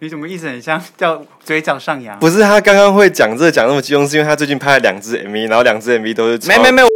你怎麼意思很像叫嘴角上揚？不是他剛剛會講這講那麼激動，是因為他最近拍了兩支 MV，然後兩支 MV 都是沒。沒沒沒。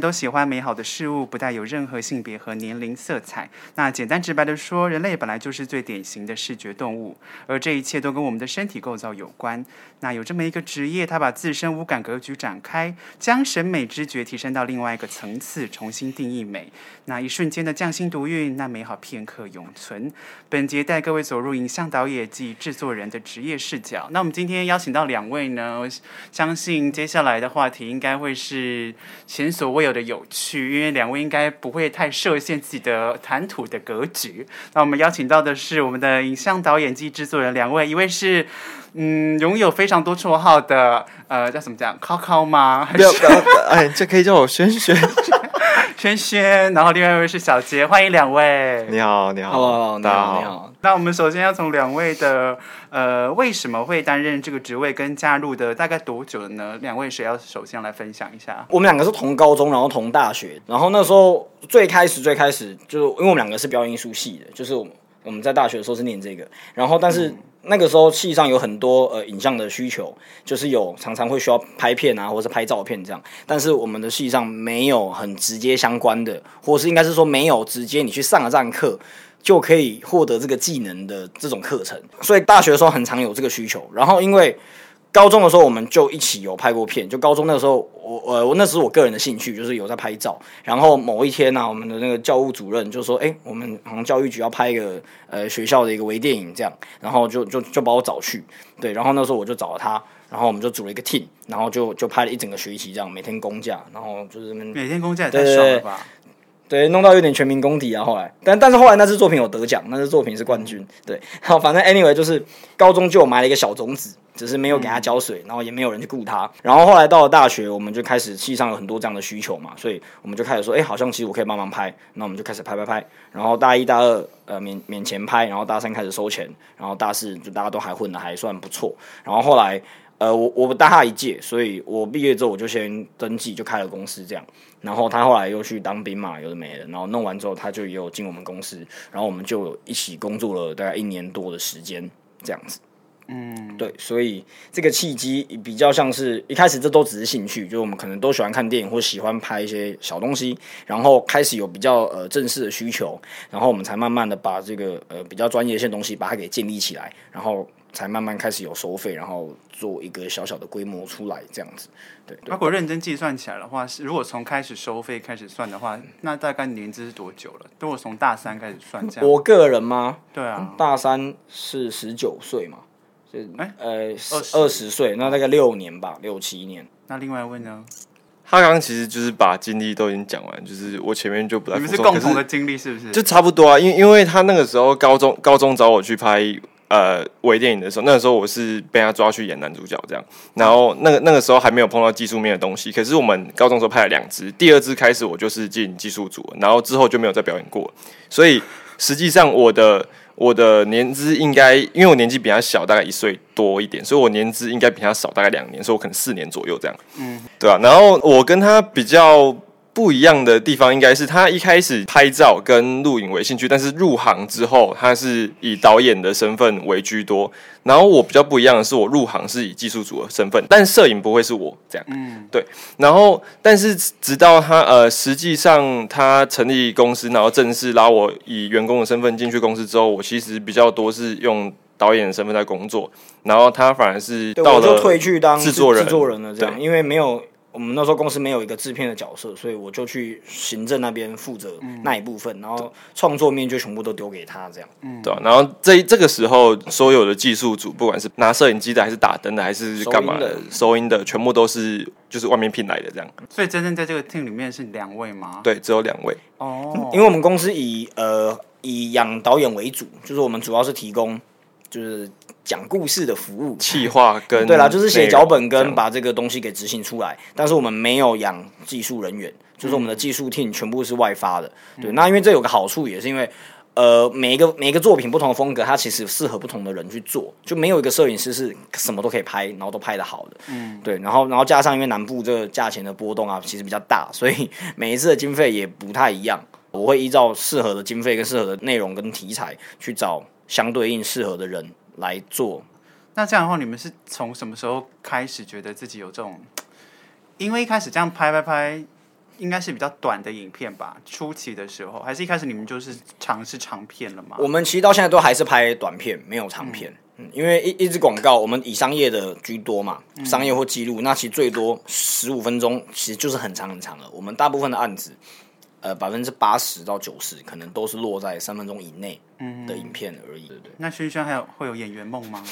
都喜歡美好的事物，不帶有任何性別和年齡色彩。那簡單直白地說，人類本來就是最典型的視覺動物，而這一切都跟我們的身體構造有關。那有這麼一個職業，他把自身五感格局展開，將審美知覺提升到另外一個層次，重新定義美。那一瞬間的匠心獨運，那美好片刻永存。本節帶各位走入影像導演及製作人的職業視角。那我們今天邀請到兩位呢，我相信接下來的話題應該會是前所未有，的有趣，因為兩位應該不會太設限自己的談吐的格局。那我們邀請到的是我們的影像導演及制作人，兩位，一位是嗯，擁有非常多綽號的，呃，叫什麼叫 Coco 嗎？不不， 哎，這可以叫我軒軒。軒軒，然後另外一位是小傑，歡迎兩位。你好，你好，大家對好。那我們首先要從兩位的呃，為什麼會擔任這個職位，跟加入的大概多久呢？兩位誰要首先來分享一下？我們兩個是同高中，然後同大學，然後那時候最開始最開始就因為我們兩個是表演藝術系的，就是我們我們在大學的時候是念這個，然後但是。嗯那個時候，系上有很多呃影像的需求，就是有常常會需要拍片啊，或者是拍照片這樣。但是我們的系上沒有很直接相關的，或者是應該是說沒有直接你去上了這課就可以獲得這個技能的這種課程。所以大學的時候很常有這個需求，然後因為。高中的時候，我們就一起有拍過片。就高中那時候，我呃，我那時候我個人的興趣就是有在拍照。然後某一天呢、啊，我們的那個教務主任就說：“哎、欸，我們好像教育局要拍一個呃學校的一個微電影這樣。”然後就就就把我找去，對。然後那時候我就找了他，然後我們就組了一個 team，然後就就拍了一整個學期這樣，每天工假，然後就是每天工假也太少了吧。對對對。對，弄到有點全民公敵啊，後來，但但是後來那支作品有得獎，那支作品是冠軍，對，然後反正 anyway 就是高中就埋了一個小種子，只是沒有給他澆水，嗯、然後也沒有人去顧他，然後後來到了大學，我們就開始系上有很多這樣的需求嘛，所以我們就開始說，哎，好像其實我可以幫忙拍，那我們就開始拍拍拍，然後大一大二呃免免錢拍，然後大三開始收錢，然後大四就大家都還混得還算不錯，然後後來。呃，我我們大他一屆，所以我畢業之後我就先登記，就開了公司這樣。然後他後來又去當兵嘛，有的沒的，然後弄完之後，他就也有進我們公司，然後我們就一起工作了大概一年多的時間這樣子。嗯，對，所以這個契機比較像是，一開始這都只是興趣，就我們可能都喜歡看電影，或喜歡拍一些小東西，然後開始有比較呃正式的需求，然後我們才慢慢的把這個呃比較專業的一些東西把它給建立起來，然後。才慢慢開始有收費，然後做一個小小的規模出來，這樣子。對，對如果認真計算起來的話，是如果從開始收費開始算的話，嗯、那大概年資是多久了？如果我從大三開始算這樣，我個人嗎？對啊，大三是十九歲嘛，就哎呃二二十歲，那大概六年吧，六七年。那另外一位呢？他剛剛其實就是把經歷都已經講完，就是我前面就不太。你們是共同的經歷是不是？是就差不多啊，因為因為他那個時候高中高中找我去拍。呃，微電影的時候，那個時候我是被他抓去演男主角這樣，然後那個那個時候還沒有碰到技術面的東西。可是我們高中時候拍了兩支，第二支開始我就是進技術組，然後之後就沒有再表演過。所以實際上我的我的年資應該因為我年紀比他小，大概一歲多一點，所以我年資應該比他少大概兩年，所以我可能四年左右這樣。嗯，對啊。然後我跟他比較。不一樣的地方應該是他一開始拍照跟錄影為興趣，但是入行之後他是以導演的身份為居多。然後我比較不一樣的是，我入行是以技術組的身份，但攝影不會是我這樣。嗯，對。然後，但是直到他呃，實際上他成立公司，然後正式拉我以員工的身份進去公司之後，我其實比較多是用導演的身份在工作。然後他反而是到了製作人，我就退去當制作人了這樣，對因為沒有。我們那時候公司沒有一個製片的角色，所以我就去行政那邊負責那一部分，嗯、然後創作面就全部都丟給他這樣，嗯、對吧、啊？然後這這個時候所有的技術組，不管是拿攝影機的，還是打燈的，還是幹嘛的，收音的，收音的全部都是就是外面聘來的這樣。所以真正在這個 team 裡面是兩位嗎？對，只有兩位哦，嗯、因為我們公司以呃以養導演為主，就是我們主要是提供就是。講故事的服務，企劃跟內容，對啦，就是寫腳本跟把這個東西給執行出來。這樣。但是我們沒有養技術人員，嗯、就是我們的技術 team 全部是外發的。嗯、對，那因為這有個好處，也是因為呃，每一個每一個作品不同的風格，它其實適合不同的人去做，就沒有一個攝影師是什麼都可以拍，然後都拍得好的。嗯，對，然後然後加上因為南部這個價錢的波動啊，其實比較大，所以每一次的經費也不太一樣。我會依照適合的經費跟適合的內容跟題材去找相對應適合的人來做，那這樣的話，你們是從什麼時候開始覺得自己有這種？因為一開始這樣拍拍拍，應該是比較短的影片吧。初期的時候，還是一開始你們就是嘗試長片了嗎？我們其實到現在都還是拍短片，沒有長片。嗯，因為一一支廣告，我們以商業的居多嘛，商業或紀錄。嗯。那其實最多十五分鐘，其實就是很長很長了。我們大部分的案子，呃，百分之八十到九十，可能都是落在三分鐘以內的影片而已。嗯、對，對對。那軒軒還有會有演員夢嗎？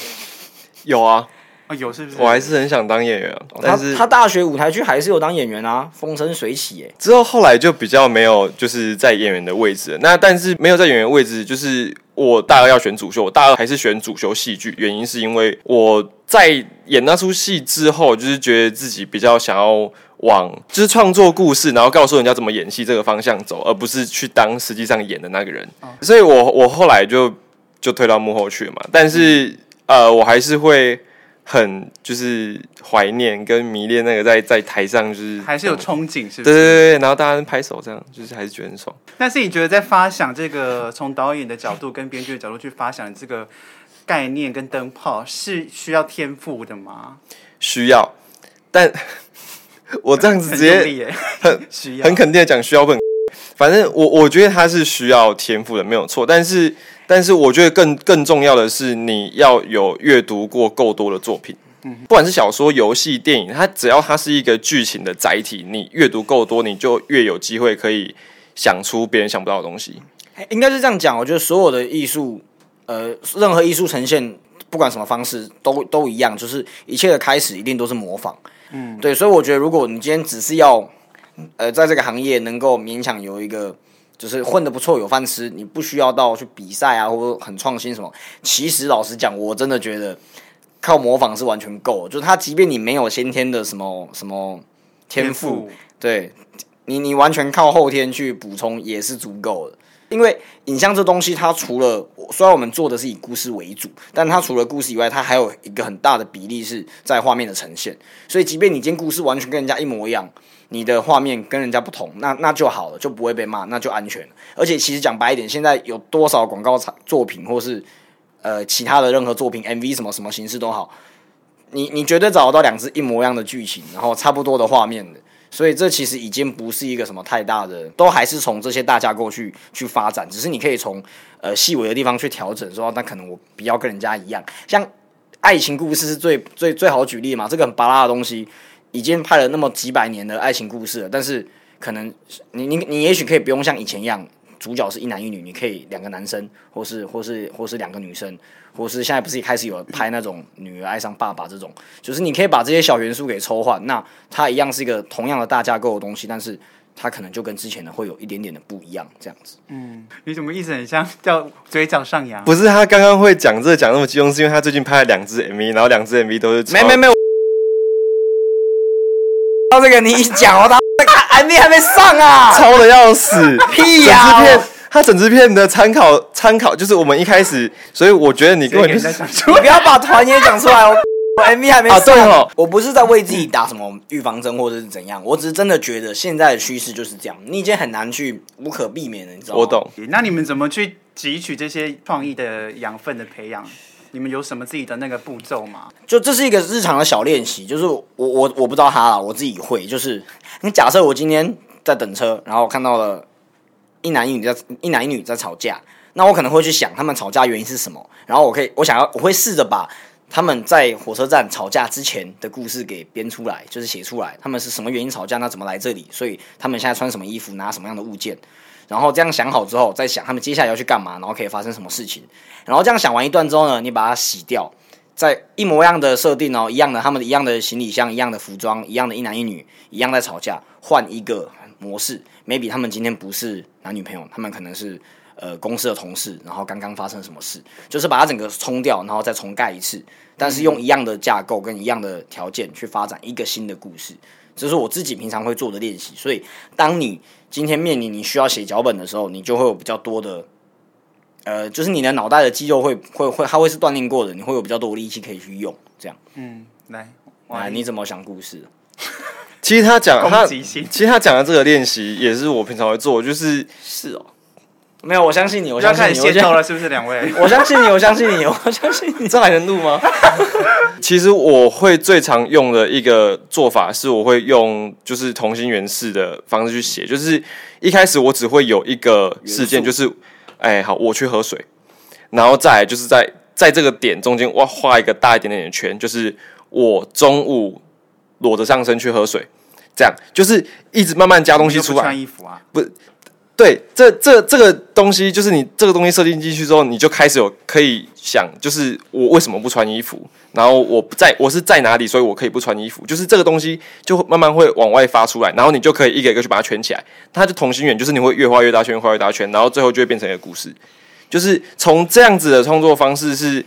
有啊，啊、哦、有是不是？我還是很想當演員、啊。他但是他大學舞台劇還是有當演員啊，風生水起。之後後來就比較沒有，就是在演員的位置。那但是沒有在演員的位置，就是我大二要選主修，我大二還是選主修戲劇。原因是因為我在演那出戲之後，就是覺得自己比較想要。往就是創作故事，然後告訴人家怎麼演戲這個方向走，而不是去當實際上演的那個人。哦、所以我，我我後來就就推到幕後去了嘛。但是，嗯、呃，我還是會很就是懷念跟迷戀那個在在台上，就是還是有憧憬，是不是？對對對。然後大家拍手，這樣就是還是覺得很爽。但是，你覺得在發想這個從導演的角度跟編劇的角度去發想這個概念跟燈泡是需要天賦的嗎？需要，但。我這樣子直接很很，耶很肯定的講，需要問， 反正我我覺得他是需要天賦的，沒有錯。但是，但是我覺得更更重要的是，你要有閱讀過夠多的作品，不管是小說、遊戲、電影，它只要它是一個劇情的載體，你閱讀夠多，你就越有機會可以想出別人想不到的東西。應該是這樣講，我覺得所有的藝術，呃，任何藝術呈現。不管什麼方式，都都一樣，就是一切的開始一定都是模仿，嗯，對，所以我覺得，如果你今天只是要，呃，在這個行業能夠勉強有一個，就是混得不錯有飯吃，你不需要到去比賽啊，或者很創新什麼。其實老實講，我真的覺得靠模仿是完全夠的，就是他，即便你沒有先天的什麼什麼天賦，富對你，你完全靠後天去補充也是足夠的。因為影像這東西，它除了雖然我們做的是以故事為主，但它除了故事以外，它還有一個很大的比例是在畫面的呈現。所以，即便你今天故事完全跟人家一模一樣，你的畫面跟人家不同，那那就好了，就不會被罵，那就安全了。而且，其實講白一點，現在有多少廣告產作品，或是呃其他的任何作品，MV 什麼什麼形式都好，你你絕對找得到兩只一模一樣的劇情，然後差不多的畫面的。所以這其實已經不是一個什麼太大的，都還是從這些大架構去去發展，只是你可以從呃細微的地方去調整，說那可能我不要跟人家一樣，像愛情故事是最最最好舉例嘛，這個很芭樂的東西已經拍了那麼幾百年的愛情故事了，但是可能你你你也許可以不用像以前一樣。主角是一男一女，你可以兩個男生，或是或是或是兩個女生，或是現在不是一開始有拍那種女兒愛上爸爸這種，就是你可以把這些小元素給抽換，那它一樣是一個同樣的大架構的東西，但是它可能就跟之前的會有一點點的不一樣，這樣子。嗯，你怎麼意思很像叫嘴角上揚？不是他剛剛會講這個講那麼激動，是因為他最近拍了兩支 MV，然後兩支 MV 都是沒沒沒，到這個你一講哦，他。 M V 還沒上啊，超的要死！屁呀、啊哦！他整支片的參考參考就是我們一開始，所以我覺得你跟我，就是，你不要把團也講出來哦。 M V 還沒上，啊，對哦，我不是在為自己打什麼預防針或者是怎樣，我只是真的覺得現在的趨勢就是這樣，你已經很難去無可避免的，你知道嗎？我懂。那你們怎麼去汲取這些創意的養分的培養？你們有什麼自己的那個步驟嗎？就這是一個日常的小練習，就是我我我不知道他啦，我自己會。就是你假設我今天在等車，然後看到了一男一女在一男一女在吵架，那我可能會去想他們吵架原因是什麼。然後我可以我想要我會試着把他們在火車站吵架之前的故事給編出來，就是寫出來他們是什麼原因吵架，那怎麼來這裡，所以他們現在穿什麼衣服，拿什麼樣的物件。然後這樣想好之後，再想他們接下來要去幹嘛，然後可以發生什麼事情。然後這樣想完一段之後呢，你把它洗掉，再一模一樣的設定哦，一樣的他們的、一樣的行李箱、一樣的服裝、一樣的一男一女，一樣在吵架，換一個模式。maybe 他們今天不是男女朋友，他們可能是呃公司的同事。然後剛剛發生什麼事，就是把它整個沖掉，然後再重蓋一次，但是用一樣的架構跟一樣的條件去發展一個新的故事，這是我自己平常會做的練習。所以當你。今天面臨你需要寫腳本的時候，你就會有比較多的，呃，就是你的腦袋的肌肉會會會，它會是鍛鍊過的，你會有比較多的力氣可以去用。這樣，嗯，來，哇、啊，來你怎麼想故事？ 其實他講，他其實他講的這個練習也是我平常會做，就是是哦。沒有，我相信你，我相信你，我先看了是不是兩位？我相信你，我相信你，我相信你，這還能錄嗎？ 其實我會最常用的一個做法是，我會用就是同心圓式的方式去寫，就是一開始我只會有一個事件，宿就是哎、欸，好，我去喝水，然後再就是在在這個點中間，我畫一個大一點點的圈，就是我中午裸着上身去喝水，這樣就是一直慢慢加東西出來，不穿衣服啊、不。對，這這這個東西就是你這個東西設定進去之後，你就開始有可以想，就是我為什麼不穿衣服？然後我不在，我是在哪裡，所以我可以不穿衣服。就是這個東西就會慢慢會往外發出來，然後你就可以一個一個去把它圈起來，它就同心圓，就是你會越畫越大圈，越畫越大圈，然後最後就會變成一個故事。就是從這樣子的創作方式是。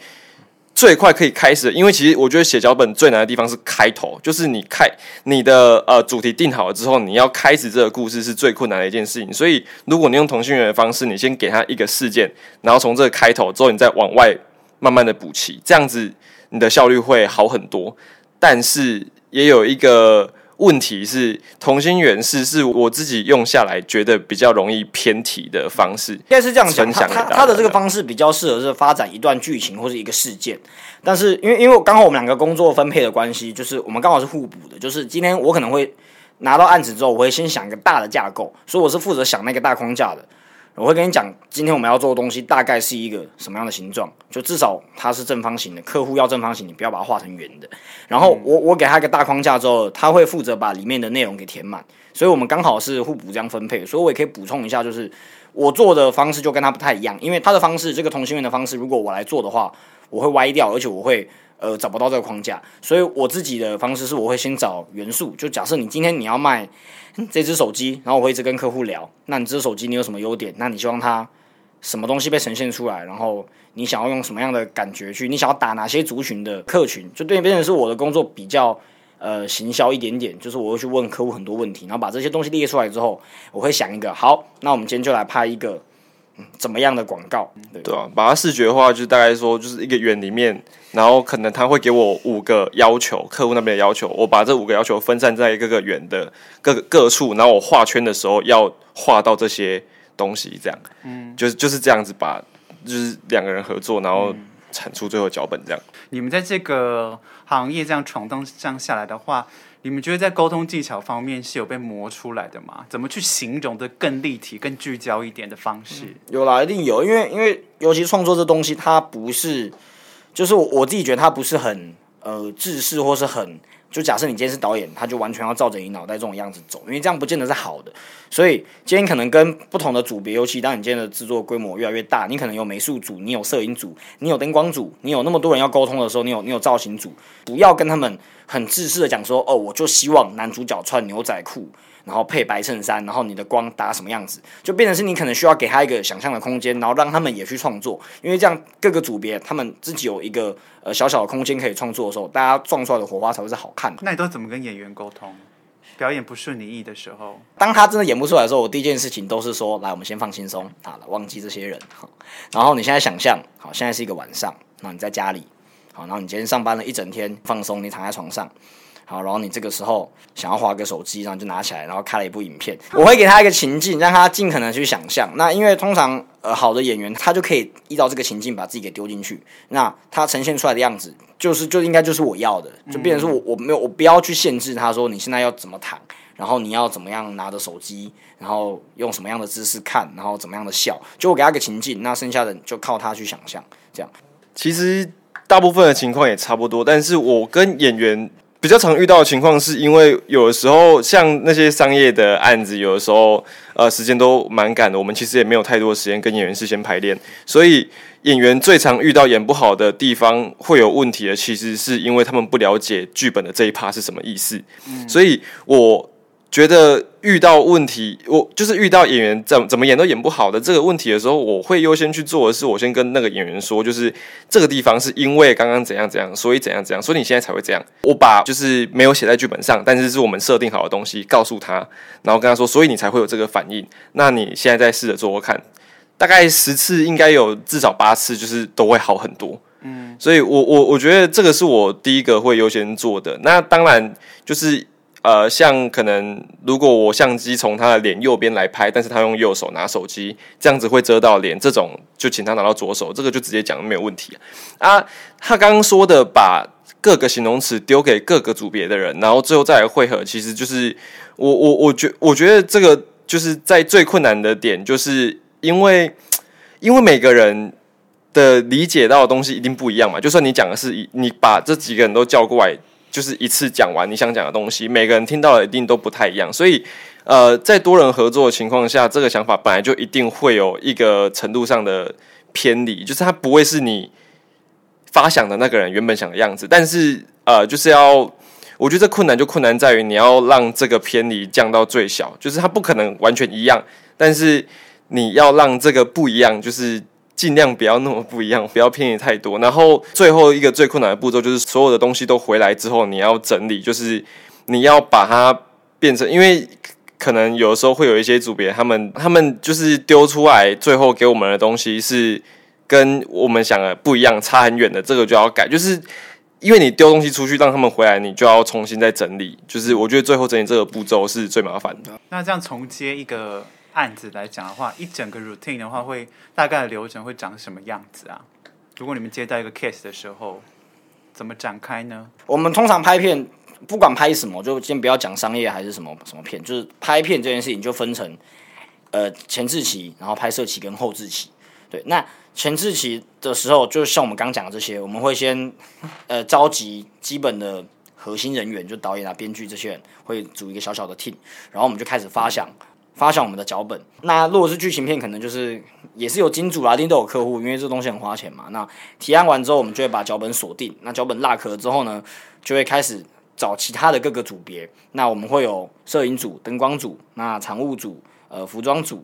最快可以開始的，因為其實我覺得寫腳本最難的地方是開頭，就是你開你的呃主題定好了之後，你要開始這個故事是最困難的一件事情。所以如果你用同心圓的方式，你先給他一個事件，然後從這個開頭之後，你再往外慢慢的補齊，這樣子你的效率會好很多。但是也有一個。問題是同心圓是我自己用下來覺得比較容易偏題的方式，應該是這樣分享的。他的這個方式比較適合是發展一段劇情或是一個事件，但是因為因為剛好我們兩個工作分配的關係，就是我們剛好是互補的，就是今天我可能會拿到案子之後，我會先想一個大的架構，所以我是負責想那個大框架的。我會跟你講，今天我們要做的東西大概是一個什麼樣的形狀，就至少它是正方形的。客戶要正方形，你不要把它畫成圓的。然後我我給他一個大框架之後，他會負責把裡面的內容給填滿。所以我們剛好是互補這樣分配，所以我也可以補充一下，就是我做的方式就跟他不太一樣，因為他的方式這個同心圓的方式，如果我來做的話，我會歪掉，而且我會呃找不到這個框架。所以我自己的方式是我會先找元素，就假設你今天你要賣。這只手機，然後我會一直跟客戶聊。那你這只手機你有什麼優點？那你希望它什麼東西被呈現出來？然後你想要用什麼樣的感覺去？你想要打哪些族群的客群？就對，變成是我的工作比較呃行銷一點點，就是我會去問客戶很多問題，然後把這些東西列出來之後，我會想一個，好，那我們今天就來拍一個。怎麼樣的廣告？對啊，把它視覺化，就大概說就是一個圓裡面，然後可能他會給我五個要求，客戶那邊的要求，我把這五個要求分散在一個個圓的各個各處，然後我畫圈的時候要畫到這些東西，這樣，嗯，就是就是這樣子把，把就是兩個人合作，然後產出最後腳本這樣。你們在這個行業這樣闖蕩這樣下來的話。你們覺得在溝通技巧方面是有被磨出來的嗎？怎麼去形容的更立體、更聚焦一點的方式？嗯，有啦，一定有，因為因為尤其創作這東西，它不是，就是我我自己覺得它不是很呃制式或是很。就假設你今天是導演，他就完全要照着你腦袋這種樣子走，因為這樣不見得是好的。所以今天可能跟不同的組別，尤其當你今天的製作規模越來越大，你可能有美術組，你有攝影組，你有燈光組，你有那麼多人要溝通的時候，你有你有造型組，不要跟他們很自私的講說，哦，我就希望男主角穿牛仔褲。然後配白襯衫，然後你的光打什麼樣子，就變成是你可能需要給他一個想象的空間，然後讓他們也去創作，因為這樣各個組別他們自己有一個呃小小的空間可以創作的時候，大家撞出來的火花才會是好看的。那你都怎麼跟演員溝通？表演不順你意的時候，當他真的演不出來的時候，我第一件事情都是說，來，我們先放輕鬆，好了，忘記這些人好，然後你現在想象，好，現在是一個晚上，那你在家裡，好，然後你今天上班了一整天，放鬆，你躺在床上。好，然後你這個時候想要划個手機，然後就拿起來，然後看了一部影片。我會給他一個情境，讓他盡可能去想象。那因為通常呃好的演員，他就可以依照這個情境，把自己給丟進去。那他呈現出來的樣子，就是就應該就是我要的，就變成說我我沒有我不要去限制他說你現在要怎麼躺，然後你要怎麼樣拿着手機，然後用什麼樣的姿勢看，然後怎麼樣的笑，就我給他一個情境，那剩下的就靠他去想象。這樣，其實大部分的情況也差不多，但是我跟演員。比較常遇到的情況，是因為有的時候像那些商業的案子，有的時候呃時間都蠻趕的，我們其實也沒有太多時間跟演員事先排練，所以演員最常遇到演不好的地方會有問題的，其實是因為他們不了解劇本的這一趴是什麼意思，嗯、所以我。覺得遇到問題，我就是遇到演員怎怎麼演都演不好的這個問題的時候，我會優先去做的是，我先跟那個演員說，就是這個地方是因為剛剛怎樣怎樣，所以怎樣怎樣，所以你現在才會這樣。我把就是沒有寫在劇本上，但是是我們設定好的東西告訴他，然後跟他說，所以你才會有這個反應。那你現在再試着做做看，大概十次應該有至少八次就是都會好很多。嗯，所以我我我覺得這個是我第一個會優先做的。那當然就是。呃，像可能如果我相機從他的臉右邊來拍，但是他用右手拿手機，這樣子會遮到臉，這種就請他拿到左手，這個就直接講都沒有問題啊。啊，他剛剛說的把各個形容詞丟給各個組別的人，然後最後再來匯合，其實就是我我我覺得我覺得這個就是在最困難的點，就是因為因為每個人的理解到的東西一定不一樣嘛，就算你講的是你把這幾個人都叫過來。就是一次講完你想講的東西，每個人聽到的一定都不太一樣。所以，呃，在多人合作的情況下，這個想法本來就一定會有一個程度上的偏離，就是它不會是你發想的那個人原本想的樣子。但是，呃，就是要，我覺得這困難就困難在於你要讓這個偏離降到最小，就是它不可能完全一樣，但是你要讓這個不一樣，就是。儘量不要那麼不一樣，不要偏離太多。然後最後一個最困難的步驟就是所有的東西都回來之後，你要整理，就是你要把它變成。因為可能有的時候會有一些組別，他們他們就是丟出來，最後給我們的東西是跟我們想的不一樣，差很遠的，這個就要改。就是因為你丟東西出去，讓他們回來，你就要重新再整理。就是我覺得最後整理這個步驟是最麻煩的。那這樣重接一個，案子來講的話，一整個 routine 的話會，會大概的流程會長什麼樣子啊？如果你們接到一個 case 的時候，怎麼展開呢？我們通常拍片，不管拍什麼，就先不要講商業還是什麼什麼片，就是拍片這件事情，就分成呃前置期，然後拍攝期跟後置期。對，那前置期的時候，就像我們剛講的這些，我們會先呃召集基本的核心人員，就導演啊、編劇這些人，會組一個小小的 team，然後我們就開始發想。嗯發想我們的腳本，那如果是劇情片，可能就是也是有金主啦，一定都有客戶，因為這東西很花錢嘛。那提案完之後，我們就會把腳本鎖定。那腳本 lock 了之後呢，就會開始找其他的各個組別。那我們會有攝影組、燈光組、那場務組、呃服裝組、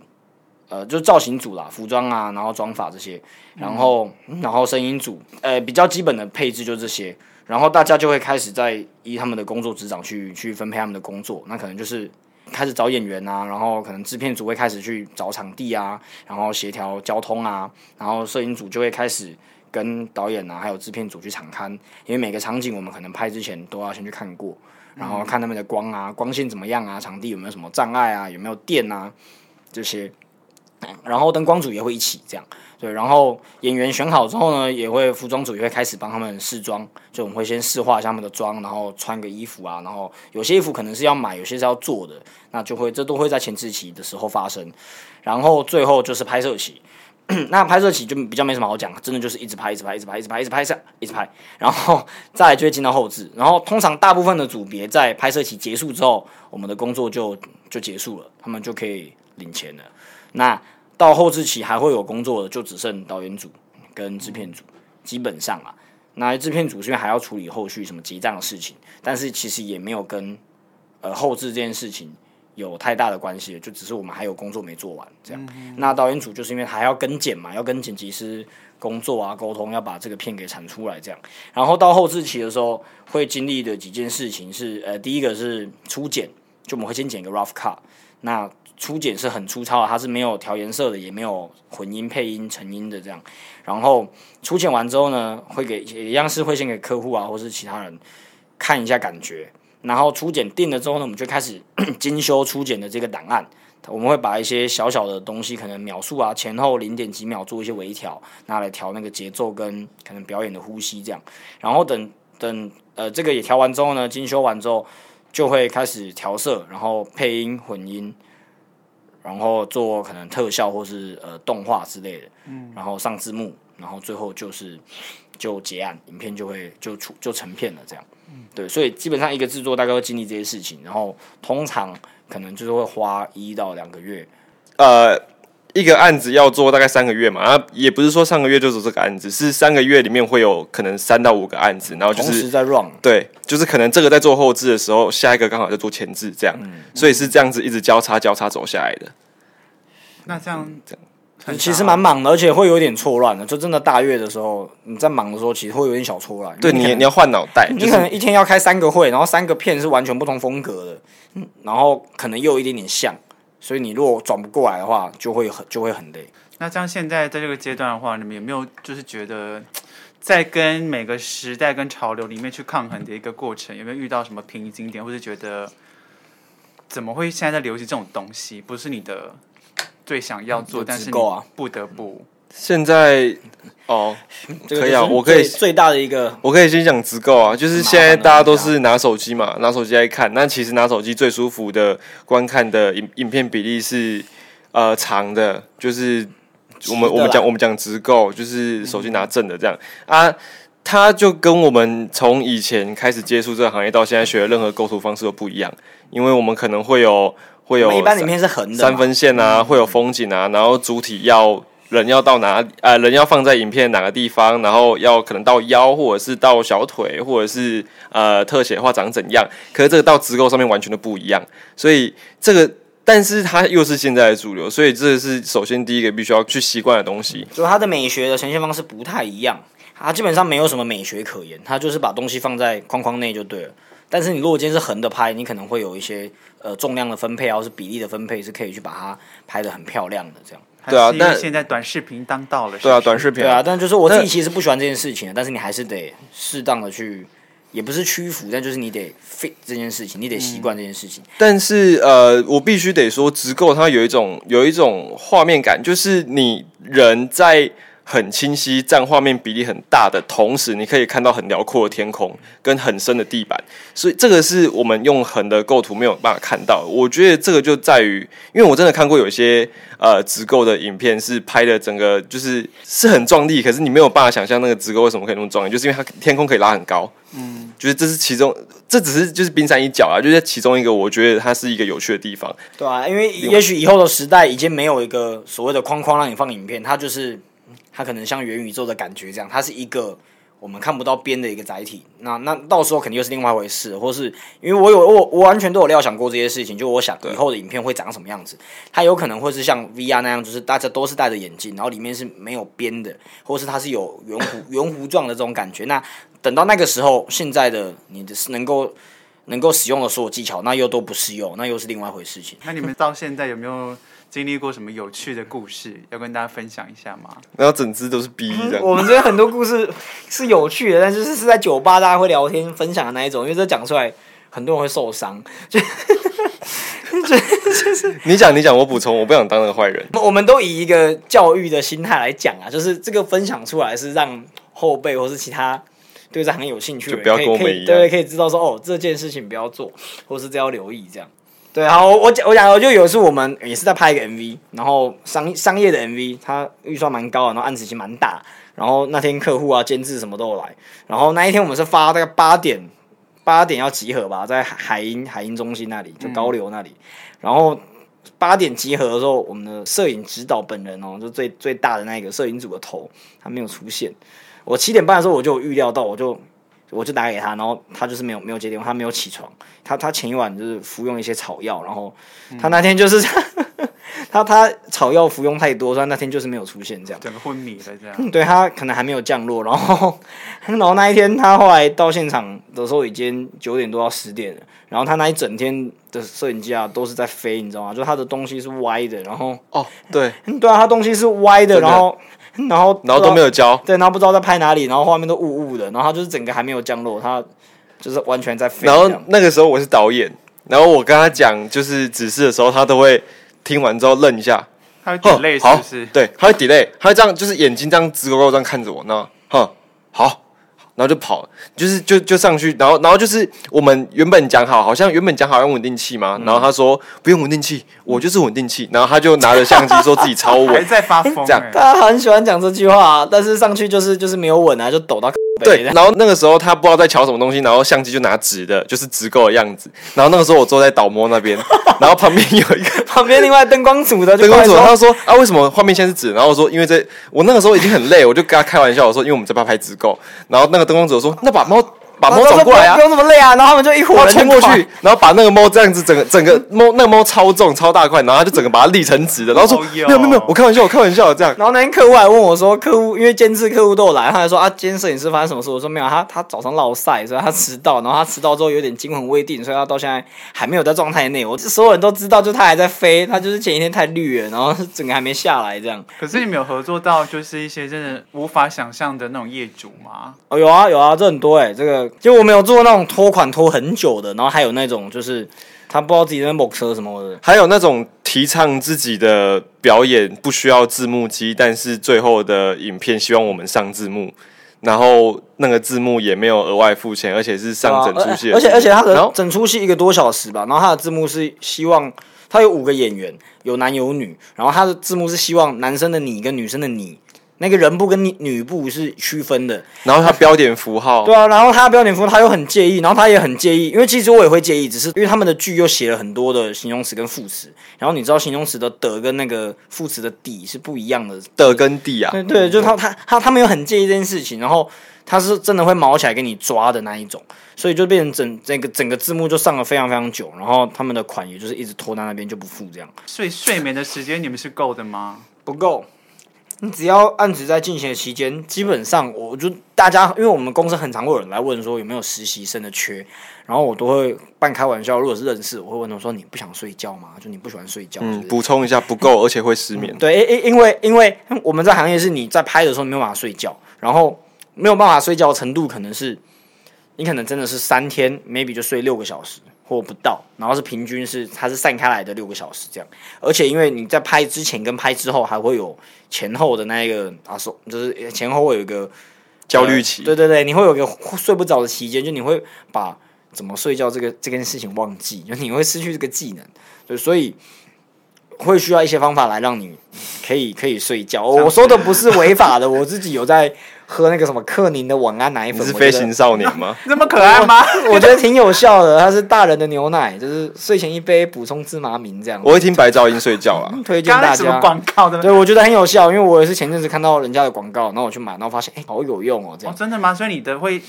呃就是造型組啦，服裝啊，然後妝髮這些，然後、嗯、然後聲音組，呃比較基本的配置就是這些。然後大家就會開始在依他們的工作職掌去去分配他們的工作，那可能就是。開始找演員啊，然後可能製片組會開始去找場地啊，然後協調交通啊，然後攝影組就會開始跟導演啊，還有製片組去場勘，因為每個場景我們可能拍之前都要先去看過，然後看他們的光啊、光線怎麼樣啊、場地有沒有什麼障礙啊、有沒有電啊這些。然後燈光組也會一起這樣，對。然後演員選好之後呢，也會服裝組也會開始幫他們試妝，就我們會先試化一下他們的妝，然後穿個衣服啊，然後有些衣服可能是要買，有些是要做的，那就會這都會在前置期的時候發生。然後最後就是拍攝期，那拍攝期就比較沒什麼好講，真的就是一直拍，一直拍，一直拍，一直拍，一直拍，一直拍，一直拍。然後再來就會進到後製，然後通常大部分的組別在拍攝期結束之後，我們的工作就就結束了，他們就可以領錢了。那到後製期還會有工作的，就只剩導演組跟製片組、嗯、基本上啊，那製片組是因為還要處理後續什麼結賬的事情，但是其實也沒有跟呃後製這件事情有太大的關係，就只是我們還有工作沒做完這樣。嗯嗯，那導演組就是因為還要跟剪嘛，要跟剪輯師工作啊溝通，要把這個片給產出來這樣。然後到後製期的時候，會經歷的幾件事情是呃，第一個是初剪，就我們會先剪一個 rough cut 那。初剪是很粗糙，它是沒有調顏色的，也沒有混音、配音、成音的這樣。然後初剪完之後呢，會給也一樣是會先給客戶啊，或者是其他人看一下感覺。然後初剪定了之後呢，我們就開始精修 初剪的這個檔案。我們會把一些小小的東西，可能秒數啊，前後零點幾秒做一些微調，拿來調那個節奏跟可能表演的呼吸這樣。然後等等呃，這個也調完之後呢，精修完之後就會開始調色，然後配音、混音。然後做可能特效或是呃動畫之類的，嗯、然後上字幕，然後最後就是就結案，影片就會就出就成片了這樣。嗯、對，所以基本上一個製作大概會經歷這些事情，然後通常可能就是會花一到兩個月，呃。一個案子要做大概三個月嘛，然、啊、後也不是說上個月就是這個案子，是三個月裡面會有可能三到五個案子，然後就是同時在 run，對，就是可能這個在做後製的時候，下一個剛好在做前置這樣，嗯、所以是這樣子一直交叉交叉走下來的。那這樣，這樣很其實蠻忙的，而且會有點錯亂的，就真的大月的時候，你在忙的時候其實會有點小錯亂。對你，你要換腦袋，你可能一天要開三個會，然後三個片是完全不同風格的，然後可能又有一點點像。所以你如果轉不過來的話，就會很就會很累。那像現在在這個階段的話，你們有沒有就是覺得在跟每個時代跟潮流裡面去抗衡的一個過程，有沒有遇到什麼瓶頸點，或者覺得怎麼會現在在流行這種東西，不是你的最想要做，嗯啊、但是你不得不。嗯現在哦，可以啊，我可以最，最大的一個，我可以先講直構啊，就是現在大家都是拿手機嘛，拿手機來看，那其實拿手機最舒服的觀看的影影片比例是呃長的，就是我們我們講我們講直構，就是手機拿正的這樣啊，它就跟我們從以前開始接觸這個行業到現在學的任何構圖方式都不一樣，因為我們可能會有會有一般影片是橫的三分線啊，嗯、會有風景啊，然後主體要。人要到哪，呃，人要放在影片哪個地方？然後要可能到腰，或者是到小腿，或者是呃特寫的話長怎樣？可是這個到直構上面完全都不一樣，所以這個，但是它又是現在的主流，所以這個是首先第一個必須要去習慣的東西。就它的美學的呈現方式不太一樣，它基本上沒有什麼美學可言，它就是把東西放在框框內就對了。但是你如果今天是橫的拍，你可能會有一些呃重量的分配，然後是比例的分配是可以去把它拍得很漂亮的這樣。對啊，但現在短視頻當道了是不是？對啊。對啊，短視頻。對啊，但就是我自己其實不喜歡這件事情，那但是你還是得適當的去，也不是屈服，但就是你得 fit 這件事情，你得習慣這件事情。嗯、但是呃，我必須得說，直購它有一種有一種畫面感，就是你人在。很清晰，佔畫面比例很大的同時，你可以看到很遼闊的天空跟很深的地板，所以這個是我們用橫的構圖沒有辦法看到。我覺得這個就在於，因為我真的看過有些呃直構的影片是拍的整個就是是很壯麗，可是你沒有辦法想象那個直構為什麼可以那麼壯麗，就是因為它天空可以拉很高。嗯，就是這是其中，這只是就是冰山一角啊，就是其中一個，我覺得它是一個有趣的地方。對啊，因為也許以後的時代已經沒有一個所謂的框框讓你放影片，它就是。它可能像元宇宙的感覺這樣，它是一個我們看不到邊的一個載體。那那到時候肯定又是另外一回事，或是因為我有我我完全都有料想過這些事情，就我想以後的影片會長什麼樣子。它有可能會是像 VR 那樣，就是大家都是戴着眼鏡，然後裡面是沒有邊的，或是它是有圓弧 圓弧狀的這種感覺。那等到那個時候，現在的你的是能夠能夠使用的所有技巧，那又都不適用，那又是另外一回事情。那你們到現在有沒有？經歷過什麼有趣的故事要跟大家分享一下嗎？然後整支都是逼這樣、嗯。我們覺得很多故事是有趣的， 但、就是是在酒吧大家會聊天分享的那一種，因為這講出來很多人會受傷。就 就是你講你講，我補充，我不想當那個壞人。我們我們都以一個教育的心態來講啊，就是這個分享出來是讓後輩或是其他對這行有興趣，可以可以對，對可以知道說哦，這件事情不要做，或是只要留意這樣。對啊，我我講我講，我就有一次，我們也是在拍一個 MV，然後商商業的 MV，它預算蠻高的，然後案子其實蠻大，然後那天客戶啊、監製什麼都有來，然後那一天我們是發大概八點，八點要集合吧，在海海音海音中心那裡，就高流那裡，嗯、然後八點集合的時候，我們的攝影指導本人哦，就最最大的那個攝影組的頭，他沒有出現，我七點半的時候我就有預料到，我就。我就打給他，然後他就是沒有沒有接電話，他沒有起床，他他前一晚就是服用一些草藥，然後他那天就是、嗯、 他他草藥服用太多，所以那天就是沒有出現這樣，整個昏迷在這樣，嗯、對他可能還沒有降落，然後然後那一天他後來到現場的時候已經九點多到十點了，然後他那一整天的攝影機啊都是在飛，你知道嗎？就他的東西是歪的，然後哦對、嗯、對啊，他東西是歪的，然後。對對對然後，然後都沒有交。對，然後不知道在拍哪裡，然後畫面都霧霧的，然後他就是整個還沒有降落，他就是完全在飛。然後樣那個時候我是導演，然後我跟他講就是指示的時候，他都會聽完之後愣一下，他會 delay，是不是？對，他會 delay，他會這樣，就是眼睛這樣直勾勾這樣看着我，那，哼，好。然後就跑，就是就就上去，然後然後就是我們原本講好好像原本講好用穩定器嘛，然後他說不用穩定器，我就是穩定器，然後他就拿着相機說自己超穩，在發瘋欸、這樣，他很喜歡講這句話，但是上去就是就是沒有穩啊，就抖到。對，然後那個時候他不知道在喬什麼東西，然後相機就拿直的，就是直構的樣子。然後那個時候我坐在導模那邊，然後旁邊有一個旁邊另外燈光組的燈光組，他說啊為什麼畫面先是直？然後我說因為這我那個時候已經很累，我就跟他開玩笑我說因為我們在拍直構，然後那個。燈光走說：“那把貓。”把貓後走過來呀，啊，不用這麼累啊！然後他們就一夥人衝過去，然後把那個貓這樣子，整個 整個貓，那個貓超重，超大塊，然後他就整個把它立成直的。然後說：oh, yo. 沒有沒有沒有，我開玩笑，我開玩笑這樣。然後那天客戶還問我說：客戶因為監制客戶都有來，他還說：啊，今天攝影師發生什麼事？我說：沒有，他他早上落曬，所以他遲到。然後他遲到之後有點驚魂未定，所以他到現在還沒有在狀態內。我所有人都知道，就他還在飛，他就是前一天太綠了，然後整個還沒下來這樣。可是你們有合作到就是一些真的無法想象的那種業主嗎？哦，有啊有啊，這很多哎，欸，這個。就我們有做那種拖款拖很久的，然後還有那種就是他不知道自己在某車什麼的，還有那種提倡自己的表演不需要字幕機，但是最後的影片希望我們上字幕，然後那個字幕也沒有額外付錢，而且是上整出戲。啊，而且而且他的整出戲一個多小時吧，然後他的字幕是希望他有五個演員，有男有女，然後他的字幕是希望男生的你跟女生的你。那個人部跟女女部是區分的，然後他標點符號，對啊，然後他標點符號他又很介意，然後他也很介意，因為其實我也會介意，只是因為他們的劇又寫了很多的形容詞跟副詞，然後你知道形容詞的“的”跟那個副詞的“地”是不一樣的，“的”跟“地”啊，對，就他他他他又很介意這件事情，然後他是真的會毛起來給你抓的那一種，所以就變成整這個整個字幕就上了非常非常久，然後他們的款也就是一直拖在那邊就不付這樣。睡睡眠的時間你們是夠的嗎？不夠。你只要案子在進行的期間，基本上我就大家，因為我們公司很常會有人來問說有沒有實習生的缺，然後我都會半開玩笑，如果是認識，我會問他說：“你不想睡覺嗎？”就你不喜歡睡覺。嗯，補充一下不，不夠、嗯，而且會失眠。對，誒因為因為我們在行業是你在拍的時候你沒有辦法睡覺，然後沒有辦法睡覺的程度可能是你可能真的是三天 maybe 就睡六個小時。或不到，然後是平均是它是散開來的六個小時這樣，而且因為你在拍之前跟拍之後還會有前後的那一個打手，啊，就是前後有一個焦慮期，呃，對對對，你會有一個睡不着的期間，就你會把怎麼睡覺這個這件事情忘記，就你會失去這個技能，就所以會需要一些方法來讓你可以可以睡覺。我說的不是違法的， 我自己有在。喝那個什麼克寧的晚安奶粉，是飛行少年嗎？那，那麼可愛嗎我？我覺得挺有效的，它是大人的牛奶，就是睡前一杯補充芝麻明這樣。我會聽白噪音睡覺啊，推薦大家。廣告對，對我覺得很有效，因為我也是前陣子看到人家的廣告，然後我去買，然後發現哎、欸，好有用哦這樣。真的嗎？所以你的會。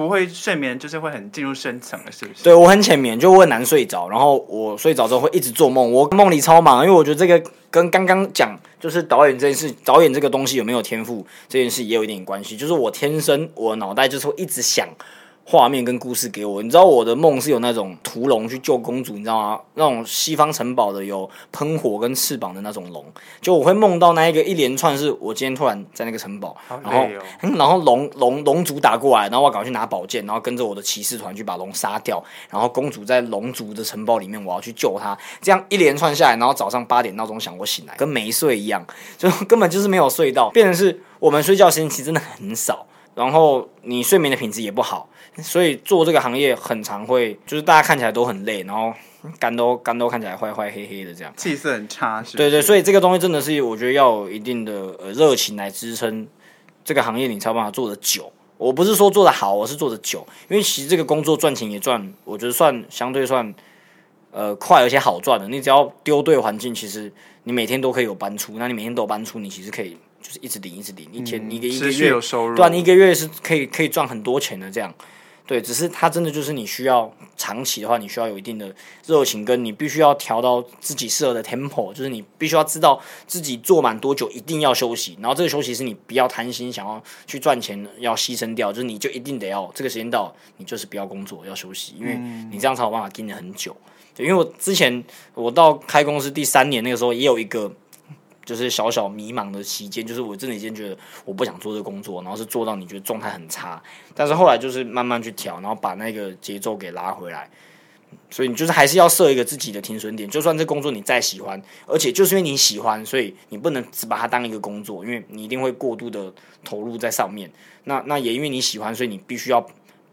不會睡眠，就是會很進入深層的是不是？對，我很淺眠，就我很難睡着。然後我睡着之後會一直做夢，我夢裡超忙，因為我覺得這個跟剛剛講就是導演這件事，導演這個東西有沒有天賦這件事也有一點關係。就是我天生我腦袋就是會一直想，畫面跟故事給我，你知道我的夢是有那種屠龍去救公主，你知道嗎？那種西方城堡的有噴火跟翅膀的那種龍，就我會夢到那一個一連串是我今天突然在那個城堡，哦、然後、嗯、然後龍龍龍族打過來，然後我趕快去拿寶劍，然後跟着我的騎士團去把龍殺掉，然後公主在龍族的城堡裡面，我要去救她。這樣一連串下來，然後早上八點鬧鐘響，我醒來跟沒睡一樣，就根本就是沒有睡到，變成是我們睡覺時間其實真的很少，然後你睡眠的品質也不好。所以做這個行業很常會，就是大家看起來都很累，然後幹都幹都看起來壞壞黑黑黑的這樣，氣色很差是，是對，對對，所以這個東西真的是我覺得要有一定的呃熱情來支撐這個行業，你才有辦法做得久。我不是說做得好，我是做得久，因為其實這個工作賺錢也賺，我覺得算相對算呃快而且好賺的。你只要丟對環境，其實你每天都可以有搬出，那你每天都有搬出，你其實可以就是一直頂一直頂，一天、嗯、一個一個月有收入，不然你一個月是可以可以賺很多錢的這樣。對，只是它真的就是你需要長期的話，你需要有一定的熱情跟、跟你必須要調到自己適合的 tempo，就是你必須要知道自己做滿多久一定要休息，然後這個休息是你不要貪心想要去賺錢要犧牲掉，就是你就一定得要這個時間到，你就是不要工作要休息，因為你這樣才有辦法盯了很久，對。因為我之前我到開公司第三年那個時候也有一個。就是小小迷茫的期間，就是我真的已經覺得我不想做這個工作，然後是做到你覺得狀態很差，但是後來就是慢慢去調，然後把那個節奏給拉回來。所以你就是還是要設一個自己的停損點，就算這工作你再喜歡，而且就是因為你喜歡，所以你不能只把它當一個工作，因為你一定會過度的投入在上面。那那也因為你喜歡，所以你必須要。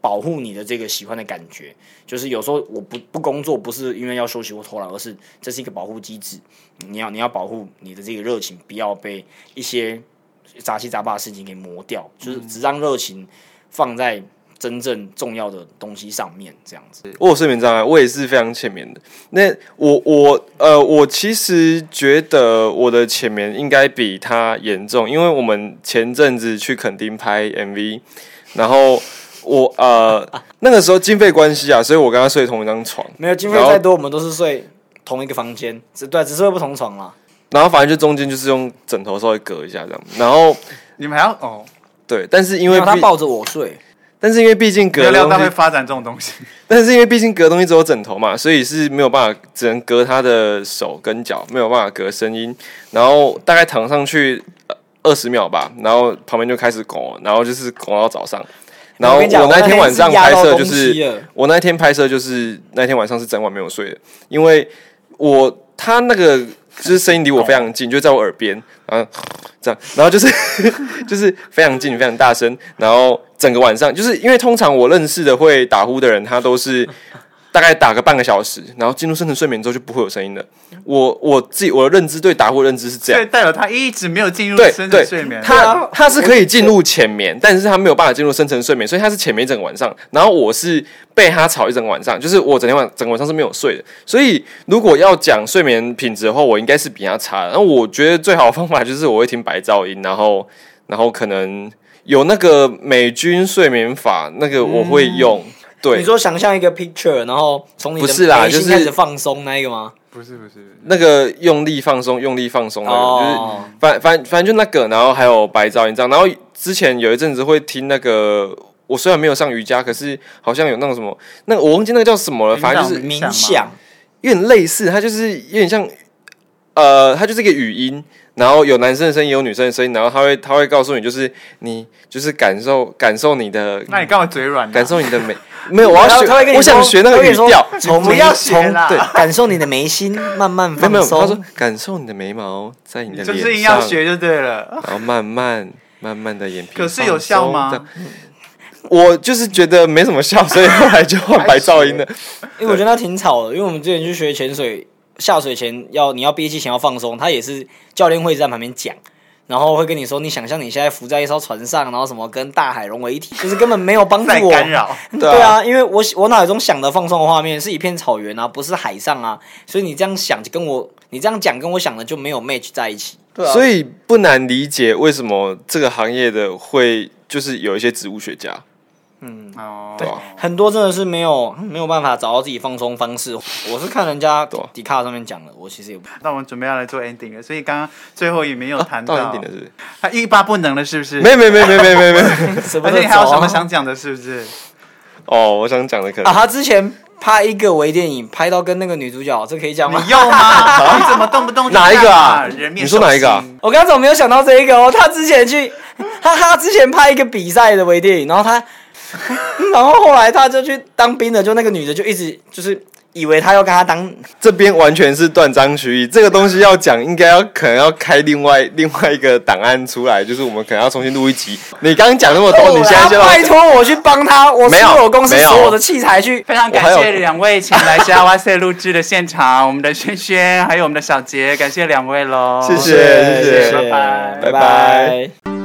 保護你的這個喜歡的感覺，就是有時候我不不工作，不是因為要休息或偷懶，而是這是一個保護機制。你要你要保護你的這個熱情，不要被一些雜七雜八的事情給磨掉，就是只讓熱情放在真正重要的東西上面，這樣子。我有睡眠障礙，我也是非常淺眠的。那我我呃，我其實覺得我的淺眠應該比他嚴重，因為我們前陣子去墾丁拍 MV，然後。 我呃、啊、那個時候經費關係啊，所以我跟他睡同一張床。沒有經費太多，然後我們都是睡同一個房間，只對只是會不同床啦。然後反正就中間就是用枕頭稍微隔一下這樣。然後你們還要哦？對，但是因為他抱着我睡，但是因為畢竟隔東西料料會發展這種東西， 但是因為畢竟隔東西只有枕頭嘛，所以是沒有辦法，只能隔他的手跟腳，沒有辦法隔聲音。然後大概躺上去呃、二十秒吧，然後旁邊就開始拱，然後就是拱到早上。然後我那天晚上拍攝就是，我那天拍攝就是那天晚上是整晚沒有睡的，因為我他那個就是聲音離我非常近，就在我耳邊，然後這樣，然後就是就是非常近，非常大聲，然後整個晚上就是因為通常我認識的會打呼的人，他都是。大概打個半個小時，然後進入深層睡眠之後就不會有聲音了。我我自己我的認知對打呼認知是這樣，對，代表他一直沒有進入深層睡眠。對，對然後，他他是可以進入淺眠，哦、但是他沒有辦法進入深層睡眠，所以他是淺眠一整個晚上。然後我是被他吵一整個晚上，就是我整天晚、整個晚上是沒有睡的。所以如果要講睡眠品質的話，我應該是比他差的。然後我覺得最好的方法就是我會聽白噪音，然後，然後可能有那個美軍睡眠法，那個我會用。嗯對，你說想象一個 picture，然後從你的眉心開始放鬆，就是、那一個嗎？不是不是，那個用力放鬆，用力放鬆，那個，oh. 就是反反反正就那個，然後還有白噪音這樣。然後之前有一陣子會聽那個，我雖然沒有上瑜伽，可是好像有那個什麼，那個我忘記那個叫什麼了，反正就是冥想，有點類似，它就是有點像。呃，它就是一個語音，然後有男生的聲音，有女生的聲音，然後他會他會告訴你，就是你就是感受感受你的，那你幹嘛嘴軟？感受你的眉，沒有我要學，我想學那個語調，從不要學對，感受你的眉心，慢慢放鬆。沒有，他說感受你的眉毛在你的臉上，就是樣學就對了。然後慢慢慢慢的眼皮，可是有效嗎？我就是覺得沒什麼效，所以後來就換白噪音的，因為我覺得它挺吵的，因為我們之前去學潛水。下水前要，你要憋氣前要放鬆。他也是教練會在旁邊講，然後會跟你說，你想象你現在浮在一艘船上，然後什麼跟大海融為一體，就是根本沒有幫助我，干擾。對啊，對啊，因為我我腦海中想的放鬆的畫面是一片草原啊，不是海上啊，所以你這樣想就跟我，你這樣講跟我想的就沒有 match 在一起。對啊，所以不難理解為什麼這個行業的會就是有一些植物學家。嗯哦，對對啊、很多真的是沒有沒有辦法找到自己放鬆方式。我是看人家迪卡上面講的，我其實也不……不那我們準備要來做 ending 了，所以剛剛最後也沒有談到,、啊、到 ending 的是不是？他欲罷不能了，是不是？沒有沒有沒沒沒沒沒，而且還有什麼想講的，是不是？哦，我想講的可能啊，他之前拍一個微電影，拍到跟那個女主角，這個、可以講嗎？要嗎？ 你怎麼動不動、啊、哪一個啊？人面，你說哪一個啊？我剛才怎麼沒有想到這一個哦？他之前去，哈哈、嗯，之前拍一個比賽的微電影，然後他。 然後後來他就去當兵了，就那個女的就一直就是以為他要跟他當。這邊完全是斷章取義，這個東西要講應該要可能要開另外另外一個檔案出來，就是我們可能要重新錄一集。你剛剛講那麼多，啦你現在就拜托我去幫他，我是我公司所有的器材去。非常感謝兩位前來西啊灣 SAY 錄制的現場，我們的軒軒還有我們的小杰，感謝兩位嘍謝，謝謝謝謝，拜拜。Bye bye